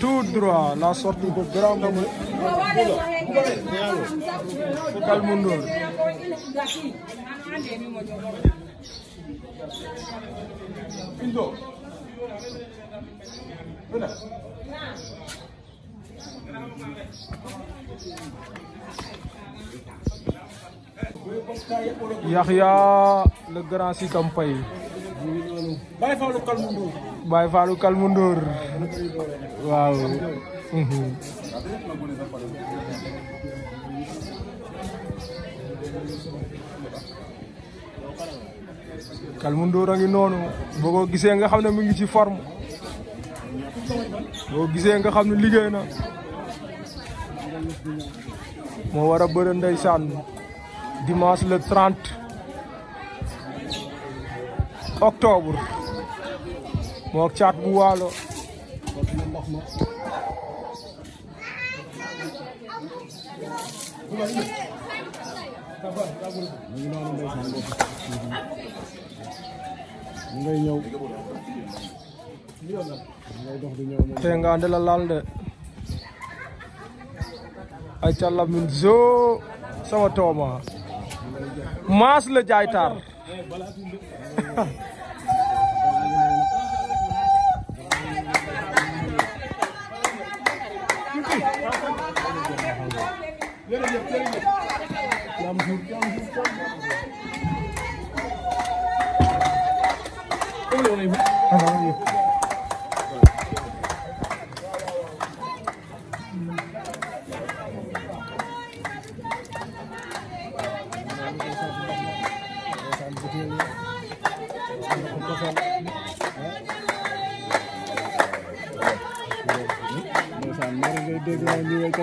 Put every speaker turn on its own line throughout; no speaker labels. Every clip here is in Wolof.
tout droit la sortie de Grand Amour Ya Yahya le grand Sikampay Baye lu kalmundo by Farukal mundur. Wow. Kal mhm. mundur ngi nonu bogo ko nga xam ne mu ngi ci forme boo gisee nga xam ne na Mo wara beure ndaysan dimanche le 30 octobre moo caat bu waalo ngay ñëw te nga la laal de ay càllam min zoo sama tooma maas la jaay taar Ndeysaan mari ngay dégg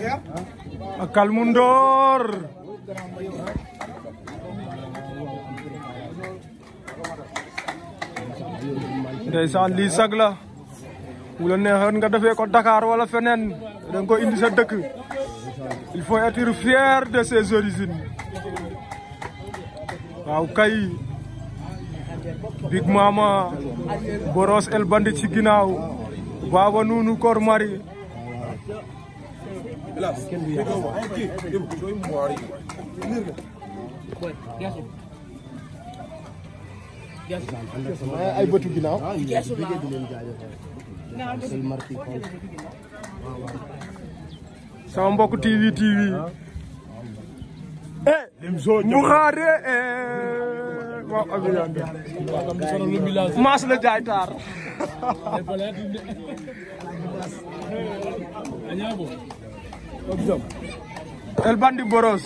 Ya. akal mundur Desa Ali सगला उलन ने हन गदा fe ko Dakar wala fenen dang ko indi sa deuk il faut être fier de ses origines waaw kay Big Mama Boros El Bandit ci ginaaw Baba Nunu Kor Mari ay bëtu ginnaaw sama mbokk TV sama obilon maas la jaay taar El Bandi Boros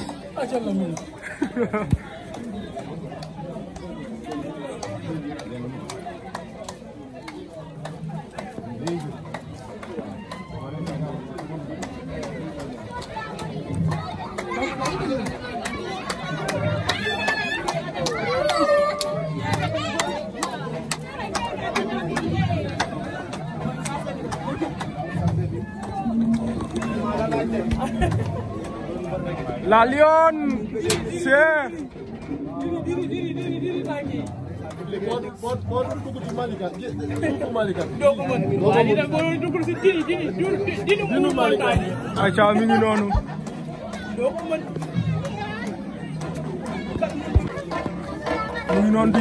La lionne Cheikh aca mi noonu mi noonu di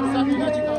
丸さんと同じか